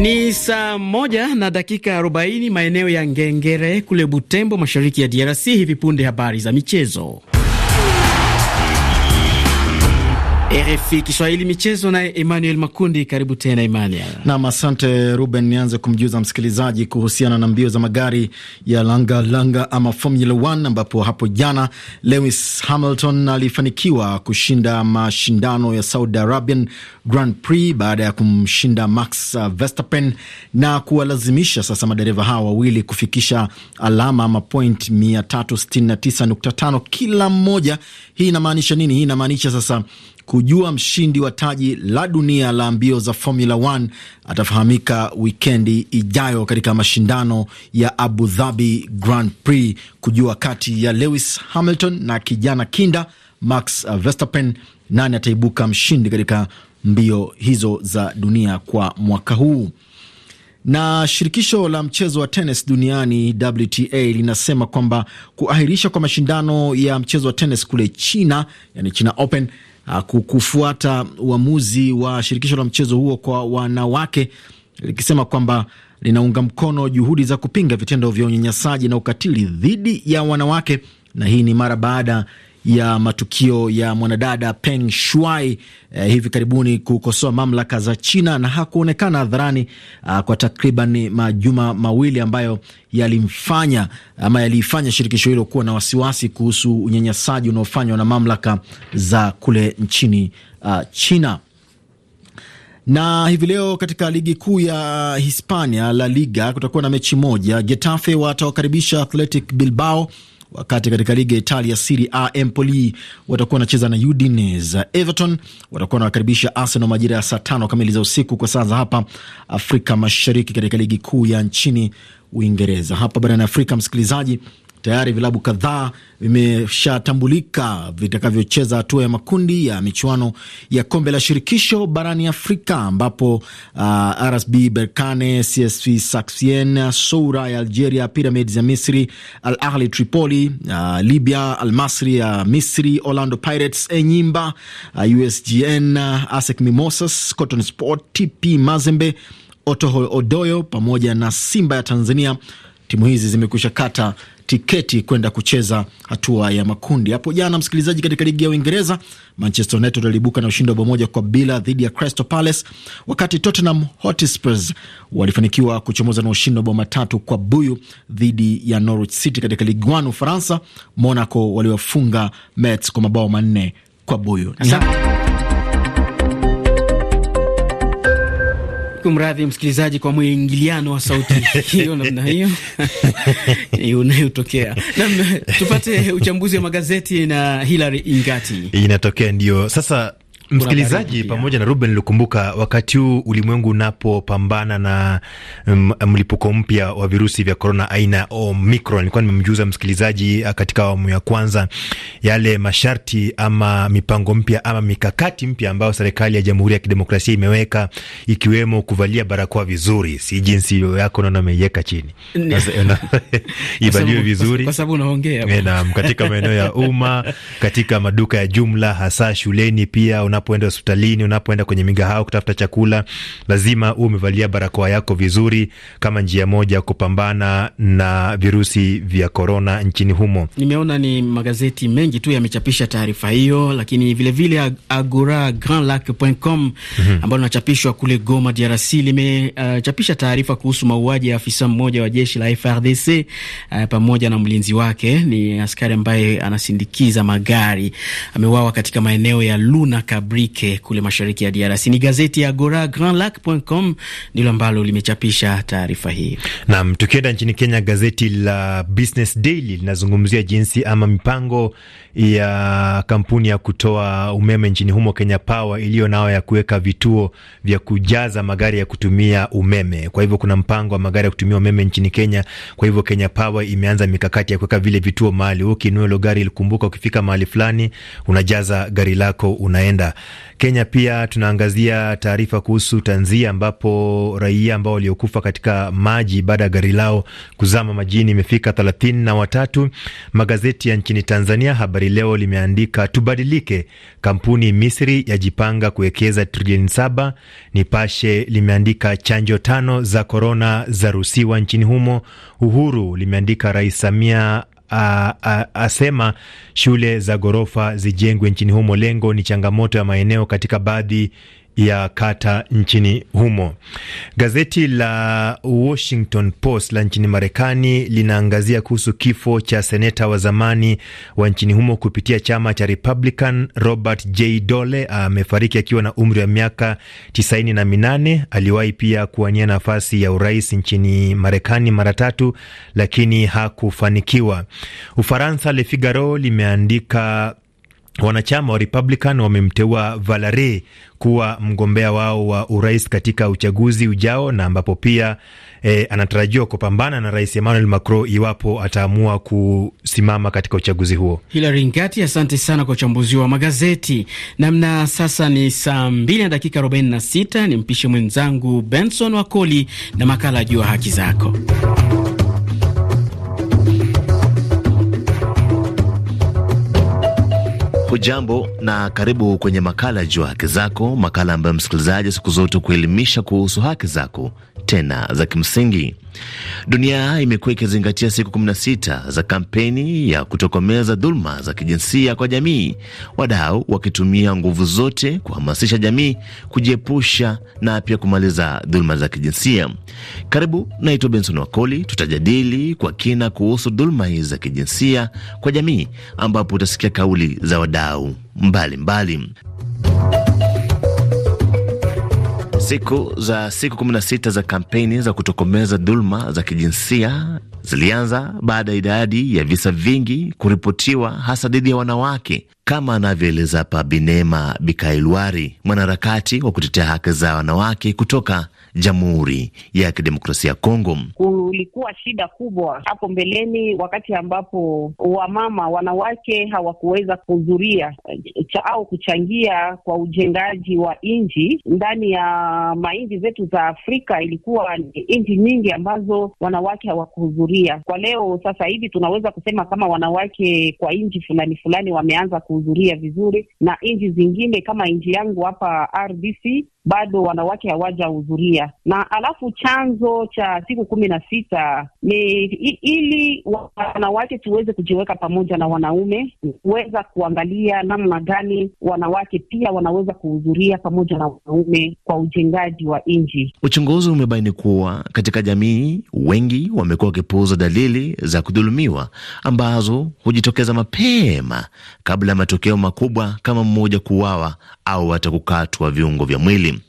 Ni saa moja na dakika 40 maeneo ya Ngengere kule Butembo, mashariki ya DRC. Hivi punde habari za michezo. RFI Kiswahili michezo, naye Emmanuel Makundi. Karibu tena Emmanuel. Nam, asante Ruben. Nianze kumjuza msikilizaji kuhusiana na mbio za magari ya langalanga langa ama Formula 1 ambapo hapo jana Lewis Hamilton alifanikiwa kushinda mashindano ya Saudi Arabian Grand Prix baada ya kumshinda Max Verstappen na kuwalazimisha sasa madereva hawa wawili kufikisha alama ama point 369.5 kila mmoja. Hii inamaanisha nini? Hii inamaanisha sasa kujua mshindi wa taji la dunia la mbio za Formula 1 atafahamika wikendi ijayo katika mashindano ya Abu Dhabi Grand Prix, kujua kati ya Lewis Hamilton na kijana kinda Max Verstappen nani ataibuka mshindi katika mbio hizo za dunia kwa mwaka huu. Na shirikisho la mchezo wa tenis duniani WTA linasema kwamba kuahirisha kwa mashindano ya mchezo wa tenis kule China, yani China Open Ah, kufuata uamuzi wa shirikisho la mchezo huo kwa wanawake likisema kwamba linaunga mkono juhudi za kupinga vitendo vya unyanyasaji na ukatili dhidi ya wanawake, na hii ni mara baada ya matukio ya mwanadada Peng Shuai eh, hivi karibuni kukosoa mamlaka za China na hakuonekana hadharani ah, kwa takriban majuma mawili ambayo yalimfanya ama yaliifanya shirikisho hilo kuwa na wasiwasi kuhusu unyanyasaji unaofanywa na mamlaka za kule nchini ah, China na hivi leo katika ligi kuu ya Hispania La Liga kutakuwa na mechi moja. Getafe watawakaribisha Athletic Bilbao wakati katika ligi ya Italia Serie A Empoli watakuwa wanacheza na Udinese. Everton watakuwa wanawakaribisha Arsenal majira ya saa tano kamili za usiku kwa saa za hapa Afrika Mashariki, katika ligi kuu ya nchini Uingereza. Hapa barani Afrika, msikilizaji Tayari vilabu kadhaa vimeshatambulika vitakavyocheza hatua ya makundi ya michuano ya kombe la shirikisho barani Afrika, ambapo uh, RSB Berkane, CSV Sfaxien, Soura ya Algeria, Pyramids ya Misri, Al Ahli Tripoli uh, Libya, Al Masri ya Misri, Orlando Pirates, Enyimba uh, USGN, uh, ASEC Mimosas, Cotton Sport, TP Mazembe, Otoho Odoyo pamoja na Simba ya Tanzania. Timu hizi zimekwisha kata tiketi kwenda kucheza hatua ya makundi. Hapo jana, msikilizaji, katika ligi ya Uingereza, Manchester United waliibuka na ushindi wa bao moja kwa bila dhidi ya Crystal Palace, wakati Tottenham hotspers walifanikiwa kuchomoza na ushindi wa bao matatu kwa buyu dhidi ya Norwich City. Katika ligi 1 Ufaransa, Monaco waliwafunga Mets kwa mabao manne kwa buyu. Kumradhi msikilizaji kwa mwingiliano wa sauti hiyo namna hiyo unayotokea. Nam tupate uchambuzi wa magazeti na Hilary Ingati. Inatokea ndio sasa Msikilizaji pamoja na Ruben Lukumbuka, wakati huu ulimwengu unapopambana na mm, mlipuko mpya wa virusi vya korona aina Omicron, nilikuwa nimemjuza msikilizaji uh, katika awamu ya kwanza yale masharti ama mipango mpya ama mikakati mpya ambayo serikali ya Jamhuri ya Kidemokrasia imeweka ikiwemo kuvalia barakoa vizuri. Si jinsi yako naona umeiweka chini, ivaliwe vizuri kwa sababu unaongea, eh, naam, katika maeneo ya umma, katika maduka ya jumla, hasa shuleni pia una unapoenda hospitalini, unapoenda kwenye migahao kutafuta chakula, lazima uwe umevalia barakoa yako vizuri, kama njia moja ya kupambana na virusi vya korona nchini humo. Nimeona ni magazeti mengi tu yamechapisha taarifa hiyo, lakini vilevile vile Agora grandlac.com mm -hmm. ambalo linachapishwa kule Goma, DRC limechapisha uh, taarifa kuhusu mauaji ya afisa mmoja wa jeshi la FRDC uh, eh, pamoja na mlinzi wake, ni askari ambaye anasindikiza magari, ameuawa katika maeneo ya Luna Kab Brike kule mashariki ya DRC. Ni gazeti ya Gora grandlac.com ndilo ambalo limechapisha taarifa hii. Naam, tukienda nchini Kenya, gazeti la Business Daily linazungumzia jinsi ama mipango ya kampuni ya kutoa umeme nchini humo Kenya Power iliyo nao ya kuweka vituo vya kujaza magari ya kutumia umeme. Kwa hivyo kuna mpango wa magari ya kutumia umeme nchini Kenya. Kwa hivyo Kenya Power imeanza mikakati ya kuweka vile vituo mahali. Ukinunua gari, ilikumbuka ukifika mahali fulani unajaza gari lako unaenda. Kenya pia tunaangazia taarifa kuhusu tanzia, ambapo raia ambao waliokufa katika maji baada ya gari lao kuzama majini imefika thelathini na watatu. Magazeti ya nchini Tanzania, Habari Leo limeandika tubadilike, kampuni Misri yajipanga kuwekeza trilioni saba. Nipashe limeandika chanjo tano za korona zaruhusiwa nchini humo. Uhuru limeandika Rais Samia a, a, asema shule za ghorofa zijengwe nchini humo. Lengo ni changamoto ya maeneo katika baadhi ya kata nchini humo. Gazeti la Washington Post la nchini Marekani linaangazia kuhusu kifo cha seneta wa zamani wa nchini humo kupitia chama cha Republican, Robert J. Dole amefariki akiwa na umri wa miaka tisaini na minane. Aliwahi pia kuwania nafasi ya urais nchini Marekani mara tatu, lakini hakufanikiwa. Ufaransa, Le Figaro limeandika Wanachama wa Republican wamemteua Valare kuwa mgombea wao wa urais katika uchaguzi ujao na ambapo pia e, anatarajiwa kupambana na Rais Emmanuel Macron iwapo ataamua kusimama katika uchaguzi huo. Hilary Ngati, asante sana kwa uchambuzi wa magazeti namna. Sasa ni saa 2 na dakika 46. Ni mpishe mwenzangu Benson Wakoli na makala juu ya haki zako. Hujambo na karibu kwenye makala juu ya haki zako, makala ambayo msikilizaji siku zote kuelimisha kuhusu haki zako tena za kimsingi. Dunia imekuwa ikizingatia siku 16 za kampeni ya kutokomeza dhuluma za kijinsia kwa jamii, wadau wakitumia nguvu zote kuhamasisha jamii kujiepusha na pia kumaliza dhuluma za kijinsia. Karibu, naitwa Benson Wakoli. Tutajadili kwa kina kuhusu dhuluma hizi za kijinsia kwa jamii, ambapo utasikia kauli za wadau mbalimbali. Siku za siku 16 za kampeni za kutokomeza dhuluma za kijinsia zilianza baada ya idadi ya visa vingi kuripotiwa hasa dhidi ya wanawake, kama anavyoeleza hapa Binema Bikailwari, mwanaharakati wa kutetea haki za wanawake kutoka Jamhuri ya Kidemokrasia ya Kongo. Kulikuwa shida kubwa hapo mbeleni, wakati ambapo wamama wanawake hawakuweza kuhudhuria eh, cha au kuchangia kwa ujengaji wa nchi ndani ya mainji zetu za Afrika. Ilikuwa nchi nyingi ambazo wanawake hawakuhudhuria. Kwa leo sasa hivi tunaweza kusema kama wanawake kwa nchi fulani fulani wameanza kuhudhuria vizuri, na nchi zingine kama nchi yangu hapa RDC bado wanawake hawajahudhuria, na alafu chanzo cha siku kumi na sita ni ili wanawake tuweze kujiweka pamoja na wanaume kuweza kuangalia namna gani wanawake pia wanaweza kuhudhuria pamoja na wanaume kwa ujengaji wa nchi. Uchunguzi umebaini kuwa katika jamii wengi wamekuwa wakipuuza dalili za kudhulumiwa ambazo hujitokeza mapema kabla ya matokeo makubwa kama mmoja kuuawa au hata kukatwa viungo vya mwili.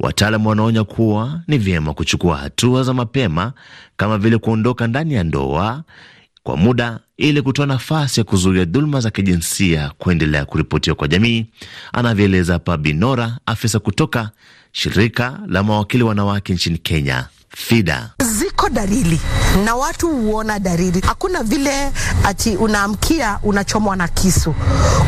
Wataalamu wanaonya kuwa ni vyema kuchukua hatua za mapema kama vile kuondoka ndani ya ndoa kwa muda ili kutoa nafasi ya kuzuia dhuluma za kijinsia kuendelea kuripotiwa kwa jamii, anavyoeleza Pabinora, afisa kutoka shirika la mawakili wanawake nchini Kenya. FIDA. Ziko dalili na watu huona dalili. Hakuna vile ati unaamkia unachomwa na kisu.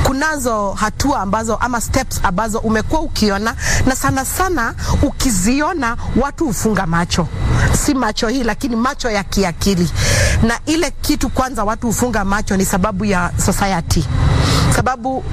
Kunazo hatua ambazo ama steps ambazo umekuwa ukiona, na sana sana ukiziona watu hufunga macho, si macho hii, lakini macho ya kiakili. Na ile kitu kwanza watu hufunga macho ni sababu ya society, sababu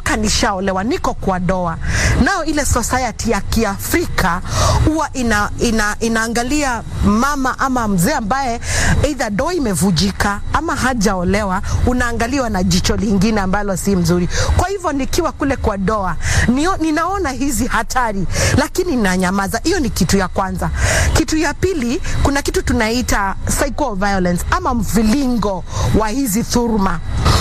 kumbuka, nishaolewa, niko kwa doa. Nao ile society ya Kiafrika huwa ina, ina, inaangalia mama ama mzee ambaye either doo imevujika ama hajaolewa, unaangaliwa na jicho lingine ambalo si mzuri. Kwa hivyo nikiwa kule kwa doa nio, ninaona hizi hatari lakini nanyamaza. Hiyo ni kitu ya kwanza. Kitu ya pili, kuna kitu tunaita psycho violence ama mvilingo wa hizi thuruma,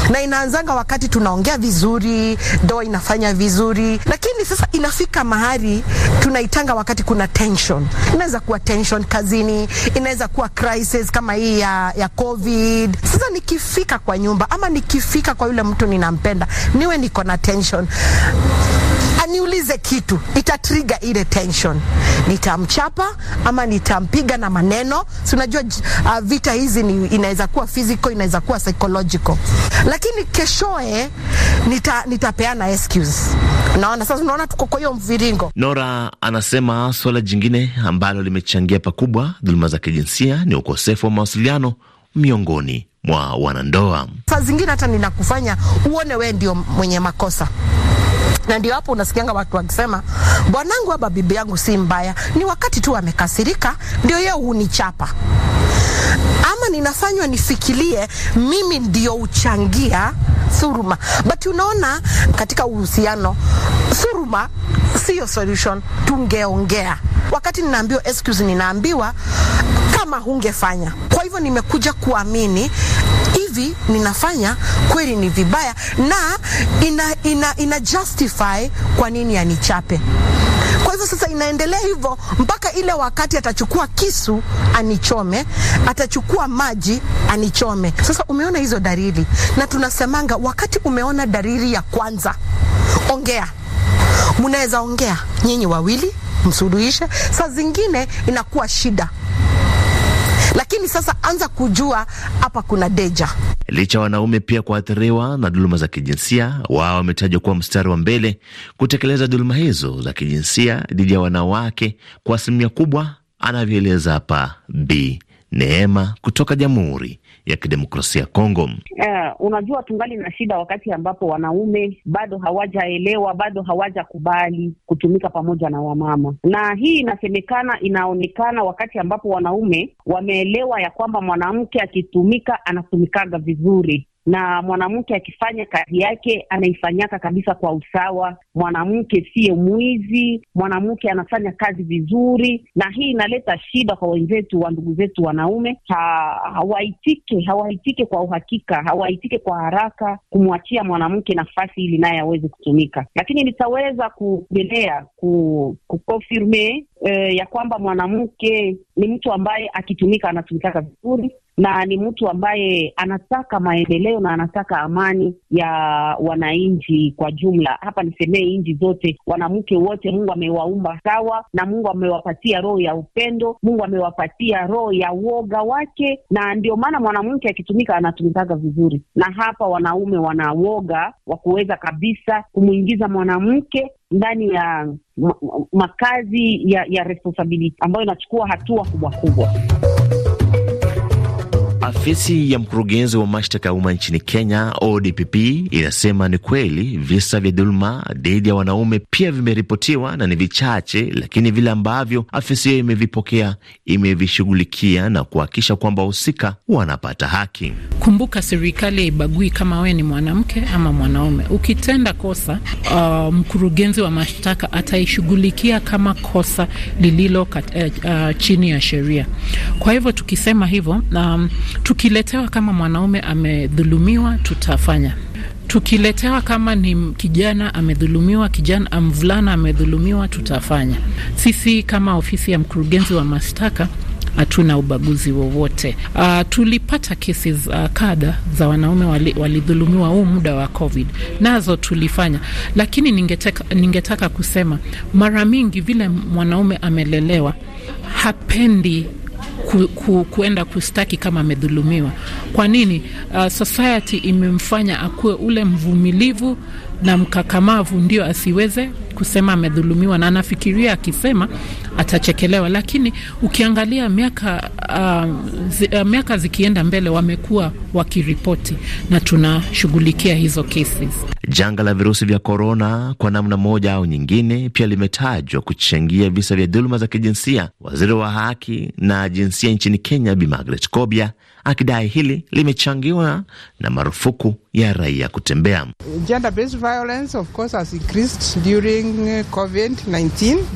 na inaanzanga wakati tunaongea vizuri, doa inafanya vizuri, lakini sasa inafika mahali tunaitanga wakati kuna tension, inaweza kuwa tension kazini nini, inaweza kuwa crisis kama hii ya, ya COVID. Sasa nikifika kwa nyumba ama nikifika kwa yule mtu ninampenda, niwe niko na tension aniulize kitu, nitatriga ile tension, nitamchapa ama nitampiga na maneno. Si unajua uh, vita hizi ni inaweza kuwa physical, inaweza kuwa psychological, lakini keshoe nita, nitapeana excuse. Unaona sasa, unaona tuko kwa hiyo mviringo. Nora anasema swala jingine ambalo limechangia pakubwa dhuluma za kijinsia ni ukosefu wa mawasiliano miongoni mwa wanandoa. Saa zingine hata ninakufanya uone wewe ndio mwenye makosa na ndio hapo unasikianga watu wakisema bwanangu aba bibi yangu si mbaya, ni wakati tu amekasirika ndio yeye hunichapa ama ninafanywa nifikirie mimi ndio uchangia suruma. But unaona, katika uhusiano suruma siyo solution. Tungeongea wakati ninaambiwa excuse, ninaambiwa kama hungefanya. Kwa hivyo nimekuja kuamini hivi ninafanya kweli ni vibaya na ina, ina, ina justify kwa nini anichape. Kwa hivyo sasa inaendelea hivyo mpaka ile wakati atachukua kisu anichome, atachukua maji anichome. Sasa umeona hizo dalili, na tunasemanga wakati umeona dalili ya kwanza, ongea. Mnaweza ongea nyinyi wawili msuluhishe. Saa zingine inakuwa shida lakini sasa anza kujua hapa kuna deja. Licha wanaume pia kuathiriwa na dhuluma za kijinsia, wao wametajwa kuwa mstari wa mbele kutekeleza dhuluma hizo za kijinsia dhidi ya wanawake kwa asilimia kubwa, anavyoeleza hapa Bi Neema kutoka Jamhuri ya kidemokrasia Kongo. Uh, unajua tungali na shida wakati ambapo wanaume bado hawajaelewa, bado hawajakubali kutumika pamoja na wamama, na hii inasemekana, inaonekana wakati ambapo wanaume wameelewa ya kwamba mwanamke akitumika anatumikaga vizuri na mwanamke akifanya kazi yake anaifanyaka kabisa kwa usawa. Mwanamke siye mwizi, mwanamke anafanya kazi vizuri, na hii inaleta shida kwa wenzetu wa ndugu zetu wanaume. Ha, hawaitike hawaitike kwa uhakika, hawaitike kwa haraka kumwachia mwanamke nafasi ili naye aweze kutumika, lakini nitaweza kuendelea ku, kukonfirme eh, ya kwamba mwanamke ni mtu ambaye akitumika anatumikaka vizuri na ni mtu ambaye anataka maendeleo na anataka amani ya wananchi kwa jumla. Hapa nisemee nchi zote, wanamke wote Mungu amewaumba sawa, na Mungu amewapatia roho ya upendo, Mungu amewapatia roho ya uoga wake, na ndio maana mwanamke akitumika anatumikaga vizuri. Na hapa wanaume wana uoga wa kuweza kabisa kumwingiza mwanamke ndani ya makazi ya, ya responsibility ambayo inachukua hatua kubwa kubwa. Afisi ya mkurugenzi wa mashtaka ya umma nchini Kenya, ODPP, inasema ni kweli visa vya dhuluma dhidi ya wanaume pia vimeripotiwa na ni vichache, lakini vile ambavyo afisi hiyo imevipokea, imevishughulikia na kuhakikisha kwamba wahusika wanapata haki. Kumbuka, serikali haibagui kama wewe ni mwanamke ama mwanaume. Ukitenda kosa, uh, mkurugenzi wa mashtaka ataishughulikia kama kosa lililo kat, uh, uh, chini ya sheria. Kwa hivyo tukisema hivyo um, Tukiletewa kama mwanaume amedhulumiwa, tutafanya tukiletewa kama ni kijana amedhulumiwa, kijana amvulana ah, amedhulumiwa, tutafanya. Sisi kama ofisi ya mkurugenzi wa mashtaka hatuna ubaguzi wowote. Uh, tulipata kesi uh, ah, kadha za wanaume walidhulumiwa wali huu muda wa COVID, nazo tulifanya, lakini ningetaka, ningetaka kusema mara mingi vile mwanaume amelelewa hapendi ku, ku, kuenda kustaki kama amedhulumiwa. Kwa nini? Uh, society imemfanya akuwe ule mvumilivu na mkakamavu, ndio asiweze kusema amedhulumiwa, na anafikiria akisema atachekelewa. Lakini ukiangalia miaka uh, zi, uh, miaka zikienda mbele, wamekuwa wakiripoti na tunashughulikia hizo cases. Janga la virusi vya korona kwa namna moja au nyingine pia limetajwa kuchangia visa vya dhuluma za kijinsia. Waziri wa haki na jinsia nchini Kenya Bi Margaret Kobia akidai hili limechangiwa na marufuku ya raia kutembea. Uh,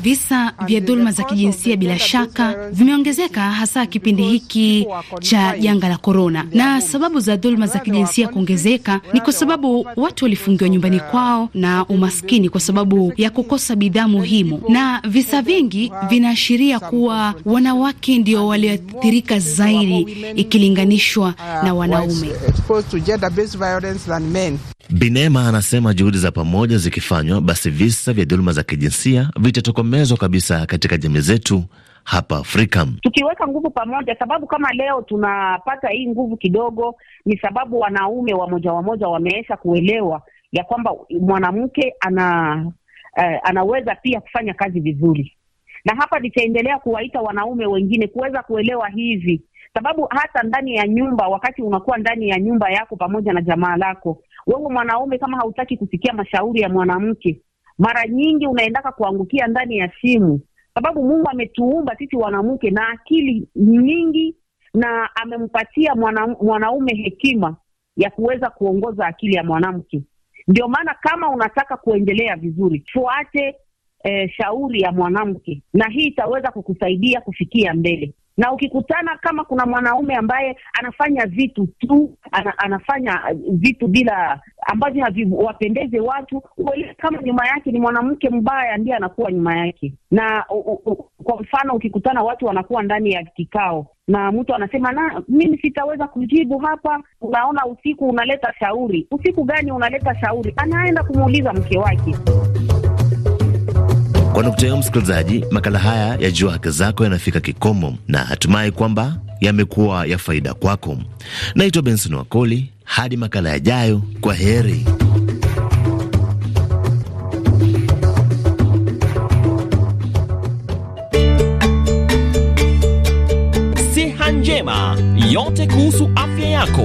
visa vya dhuluma za kijinsia bila shaka vimeongezeka hasa kipindi hiki cha janga la korona, na sababu za dhuluma za kijinsia kuongezeka ni kwa sababu watu walifungiwa nyumbani kwao na umaskini kwa sababu ya kukosa bidhaa muhimu, na visa vingi vinaashiria kuwa wanawake ndio walioathirika zaidi ikilinga kulinganishwa ah, na wanaume. Binema anasema juhudi za pamoja zikifanywa, basi visa vya dhuluma za kijinsia vitatokomezwa kabisa katika jamii zetu hapa Afrika tukiweka nguvu pamoja, sababu kama leo tunapata hii nguvu kidogo ni sababu wanaume wamoja wamoja wameweza kuelewa ya kwamba mwanamke ana eh, anaweza pia kufanya kazi vizuri. Na hapa nitaendelea kuwaita wanaume wengine kuweza kuelewa hivi sababu hata ndani ya nyumba, wakati unakuwa ndani ya nyumba yako pamoja na jamaa lako, wewe mwanaume, kama hautaki kusikia mashauri ya mwanamke, mara nyingi unaendaka kuangukia ndani ya simu, sababu Mungu ametuumba sisi wanamke na akili nyingi, na amempatia mwana, mwanaume hekima ya kuweza kuongoza akili ya mwanamke. Ndio maana kama unataka kuendelea vizuri, fuate eh, shauri ya mwanamke, na hii itaweza kukusaidia kufikia mbele na ukikutana kama kuna mwanaume ambaye anafanya vitu tu ana, anafanya uh, vitu bila ambavyo haviwapendeze watu, uelewe kama nyuma yake ni mwanamke mbaya ndiye anakuwa nyuma yake. Na u, u, kwa mfano ukikutana watu wanakuwa ndani ya kikao na mtu anasema na mimi sitaweza kujibu hapa, unaona usiku unaleta shauri. Usiku gani unaleta shauri? Anaenda kumuuliza mke wake. Kwa nukta hiyo, msikilizaji, makala haya ya Jua Haki Zako yanafika kikomo na hatimaye kwamba yamekuwa ya faida kwako. Naitwa Benson Wakoli, hadi makala yajayo, kwa heri. yote kuhusu afya yako.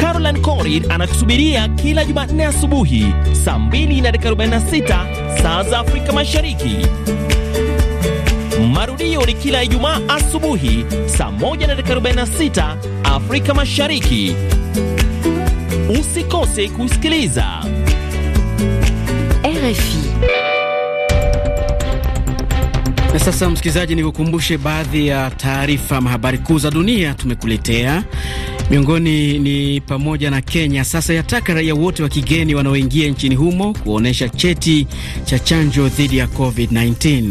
Caroline Corrid anakusubiria kila Jumanne asubuhi saa 2 na dakika 46 saa za Afrika Mashariki. Marudio ni kila Ijumaa asubuhi saa 1 na dakika 46 Afrika Mashariki. Usikose kusikiliza RFI. Na sasa msikilizaji, nikukumbushe baadhi ya taarifa ama habari kuu za dunia tumekuletea. Miongoni ni pamoja na Kenya sasa yataka raia wote wa kigeni wanaoingia nchini humo kuonyesha cheti cha chanjo dhidi ya COVID-19.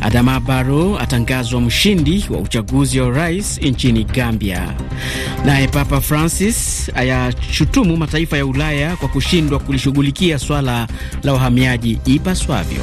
Adama Barrow atangazwa mshindi wa uchaguzi wa rais nchini Gambia. Naye Papa Francis ayashutumu mataifa ya Ulaya kwa kushindwa kulishughulikia swala la wahamiaji ipaswavyo.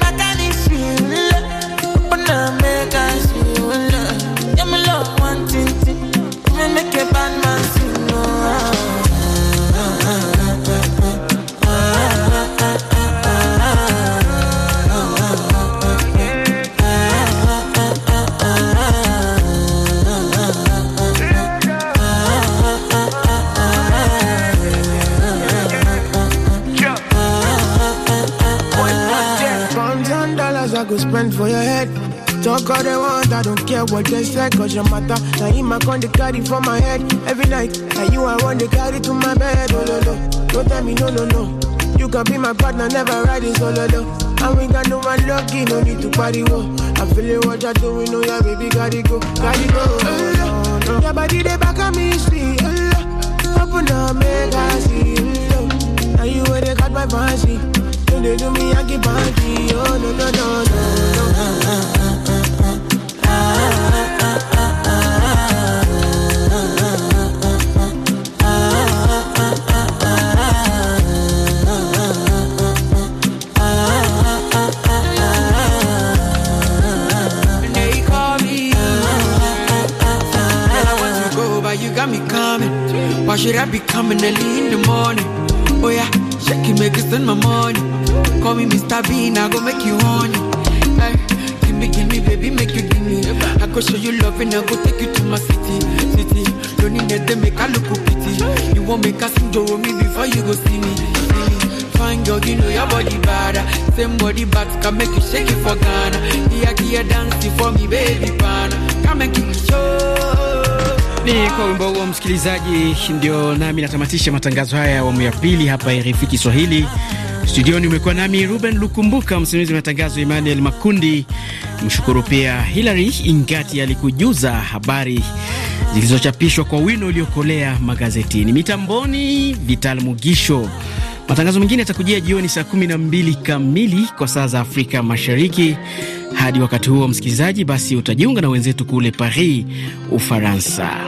for your head. Talk all they want, I don't care what they say, cause your matter. Now in I con they carry for my head every night. Now you I want they carry to my bed, oh no no. Don't tell me no no no. You can be my partner, never riding solo though. And we got no one lucky, no need to party, whoa. I feel it, what you're doing, know your baby gotta go, gotta go. Oh, no, no. Your body, they back at me, see. Oh, no. Open up, make I see. Oh, no. Now you where they got my fancy you do me, a keep party, Oh, no, no, no, no, Ah, ah, ah, ah, ah, ah. Why should I be coming early in the morning? Oh yeah, shaking make it spend my money. Call me Mr. Bean, I go make you honey. Hey, eh, give me, give me, baby, make you give me. I go show you love and I go take you to my city, city. Don't need that to make a look pity. You won't make a single with me before you go see me. Fine girl, you know your body bad. Same body bad can make you shake it for Ghana. Here, here, dance for me, baby, pana. Come and give me show. Ni kwa wimbo huo msikilizaji, ndio nami natamatisha matangazo haya ya awamu ya pili hapa RFI Kiswahili. Studioni umekuwa nami Ruben Lukumbuka, msimamizi wa matangazo ya Emmanuel Makundi. Mshukuru pia Hilary Ingati alikujuza habari zilizochapishwa kwa wino uliokolea magazetini. Mitamboni Vital Mugisho. Matangazo mengine yatakujia jioni saa 12 kamili kwa saa za Afrika Mashariki. Hadi wakati huo, msikilizaji, basi utajiunga na wenzetu kule Paris, Ufaransa.